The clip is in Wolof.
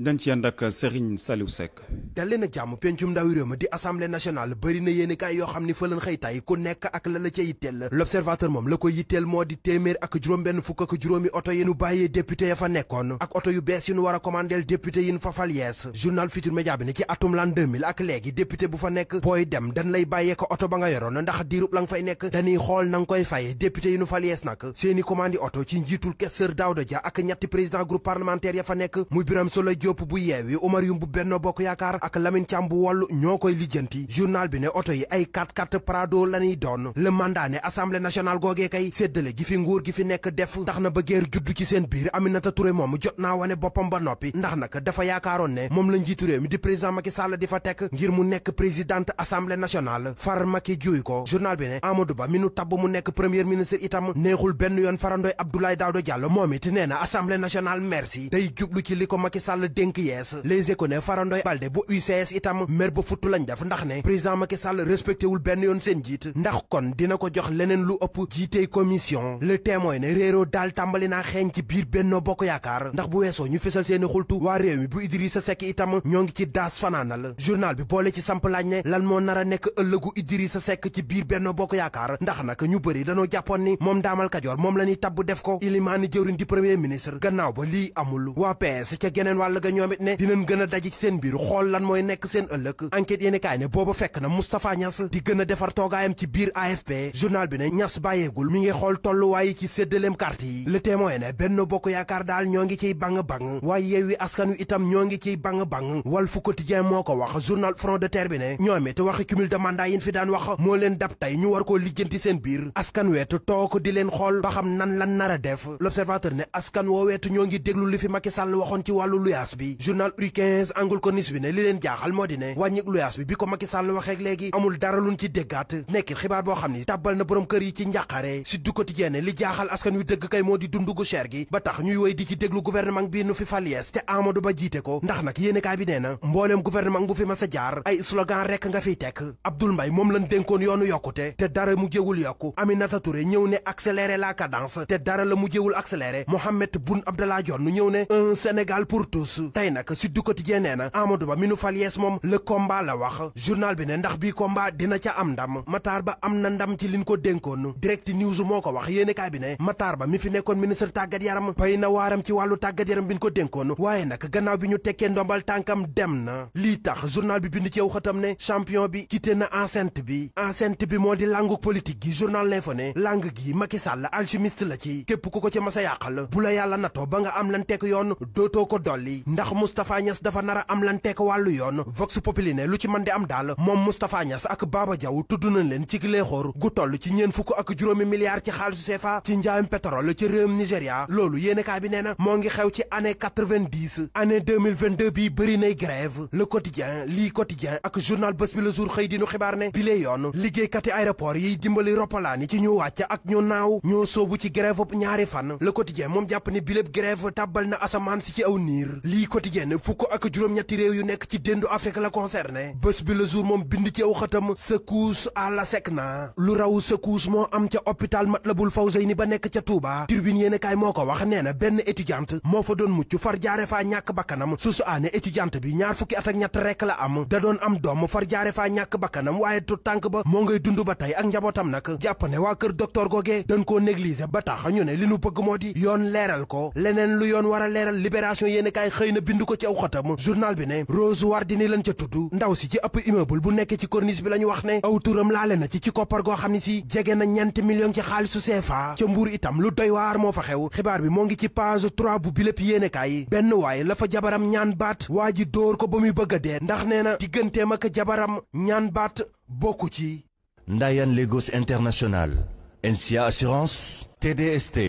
dañ ci ànd ak Serigne Saliou Seck a jàmm pencum ndawi réew ma di assemblée nationale bëri na yoo xam ni fa lañ ku nekk ak la la yitteel l' observateur moom la ko yitteel moo di téeméer ak juróom-benn fukk ak juróomi oto yi nu bàyyee député ya fa nekkoon ak oto yu bees yu nu war a commandeel député yi nu fa fal yees journal Futur Média bi ne ci atum lan 2000 ak léegi député bu fa nekk booy dem dañ lay bàyyee oto ba nga yoroon ndax la nga fay nekk dañuy xool na koy fay député yi oto ci njiitul Kesseur Daouda Dia ak ñetti Diop bu yeewi Omar Youm bu Benno Bokk Yaakaar ak Lamine Thiam bu Wallu ñoo koy lijjanti journal bi ne oto yi ay 4 x gi fi nguur gi fi nekk na ba géer juddu ci seen biir Aminata Touré moom jot boppam ba noppi ndax nag dafa yaakaaroon ne moom la njiitu réew mi di président Macky Sall di fa tek ngir mu nekk présidente assemblée nationale far Macky juuy ko journal bi ne Amadou Ba mi nu tabb mu nekk premier ministre itam neexul benn yoon farandoy Abdoulaye Daouda Diallo moom it nee na assemblée nationale merci day jublu ci li ko Macky Sall dénk yees les écone farandoy balde bu UCS itam mer ba futtu lañ def ndax ne président Macky Sall respecté wul benn yoon seen jiit ndax kon dina ko jox leneen lu ëpp jiitey commission le témoin ne réeroo daal tàmbali naa xeeñ ci biir Benno Bokk Yaakaar ndax bu weesoo ñu fésal seeni xultu waa réew mi bu Idrissa Seck itam ñoo ngi ci daas fanaanal journal bi boole ci samp laaj ne lan moo nar a nekk ëllëgu Idrissa Seck ci biir Benno Bokk Yaakaar ndax nag ñu bëri dañoo jàppoon ni moom moom la ñuy tabb def ko ilimaani jëwriñ di premier ministre gannaaw ba ga ne dinañ gën a dajik seen biir xool lan mooy nekk seen ëllëg enquête yéeni kaay ne booba fekk na Moustapha Niass di gën a defar toogaayam ci biir AFP journal bi ne Niass bàyyeegul mi ngi xool tolluwaay yi ci séddaleem carte yi le témoin ne benn bokk yaakaar daal ñoo ngi ciy bang bang waaye yeewi askan wi itam ñoo ngi ciy bang bang Walf Quotidien moo ko wax journal Front de Terre bi ne ñoom it waxi cumul de mandat fi daan wax moo leen dab tey ñu war koo lijjanti seen biir askan weetu toog di leen xool ba xam nan lan nar a def l'observateur ne askan woo weetu ñoo ngi déglu li fi Macky Sall waxoon ci wàllu luyaas loyaas bi journal Uri 15 angul ko nis bi ne li leen jaaxal moo di ne wàññik loyaas bi bi ko Macky Sall waxeek léegi amul dara luñ ci déggaat nekk xibaar boo xam ni tàbbal na borom kër yi ci njàqare si du quotidien li jaaxal askan wi dëgg kay moo di dund gu cher gi ba tax ñuy woy di ci déglu gouvernement bi nu fi fal yees te Amadou Ba jiite ko ndax nag yéenekaay bi nee na mbooleem gouvernement bu fi mas a jaar ay slogan rekk nga fiy tekk Abdoul Mbaye moom lañ dénkoon yoonu yokkute te dara mu jëwul yokku Aminata Touré ñëw ne accélérer la cadence te dara la mu jëwul accélérer Mohamed Boun Abdallah Dionne ñëw ne un Sénégal pour tous yees tey nag Sud Quotidien nee na Amadou Ba mi nu fal yees moom le combat la wax journal bi ne ndax bii combat dina ca am ndam Matar Ba am na ndam ci liñ ko dénkoon direct news moo ko wax yéenekaay bi ne Matar Ba mi fi nekkoon ministre tàggat yaram pay na waaram ci wàllu tàggat yaram bi ko dénkoon waaye nag gannaaw bi ñu tekkee ndombal tànkam dem na lii tax journal bi bind ci yow xatam ne champion bi quitté na enceinte bi enceinte bi moo di langu politique gi journal L'Info ne lang gi Macky Sall alchimiste la ci képp ku ko ci masa yàqal bu la yàlla natoo ba nga am lan tekk yoon dootoo ko dolli ndax Moustapha Niass dafa nar am lanteek wàllu yoon Vox Populi ne lu ci mën di am daal moom Moustapha Niass ak Baba jaw tudd nañ leen ci gileexóor gu toll ci ñeen fukk ak juróomi milliards ci xaalisu CFA ci njaayum pétrole ci réewum Nigéria loolu yéenekaay bi nee na moo ngi xew ci année 90 année 2022 bi bëri nay grève le quotidien lii quotidien ak journal bés bi le jour xëy dinu xibaar ne bi lee yoon liggéeykati aéroport yiy dimbali roppalaan yi ci ñu wàcc ak ñu naaw ñoo soobu ci grève ñaari fan le quotidien moom jàpp ne bi lépp grève na asamaan si ci aw niir lii quotidien fukk ak juróom-ñetti réew yu nekk ci déndu Afrique la concerné bés bi le jour moom bind ci aw xatam secousse à la Secna lu raw secousse moo am ca hôpital Matlaboul Fawzeyni ba nekk ca Touba Tribune yéenekaay moo ko wax nee na benn étudiante moo fa doon mucc far jaare faa ñàkk bakkanam susu aane étudiante bi ñaar fukki at ak ñett rekk la am da doon am doom far jaare faa ñàkk bakkanam waaye tu tànk ba moo ngay dund ba tey ak njabootam nag jàpp ne waa kër docteur googee dañ koo négliger ba tax ñu ne li nu bëgg moo di yoon leeral ko a leeral xëy na bind ko ci aw xatam journal bi ne Rose Wardini lañ ca tudd ndaw si ci ëpp immeuble bu nekk ci corniche bi la wax ne aw laale na ci ci koppar goo xam ne si jege na ñeenti million ci xaalisu CFA ca mbuur itam lu doy waar moo fa xew xibaar bi moo ngi ci page 3 bu bilépp yéenekaay benn waaye la fa jabaram ñaan baat waa ji dóor ko ba muy bëgg a dee ndax nee na digganteem ak jabaram ñaan baat bokku ci Ndayan Lagos International NCA Assurance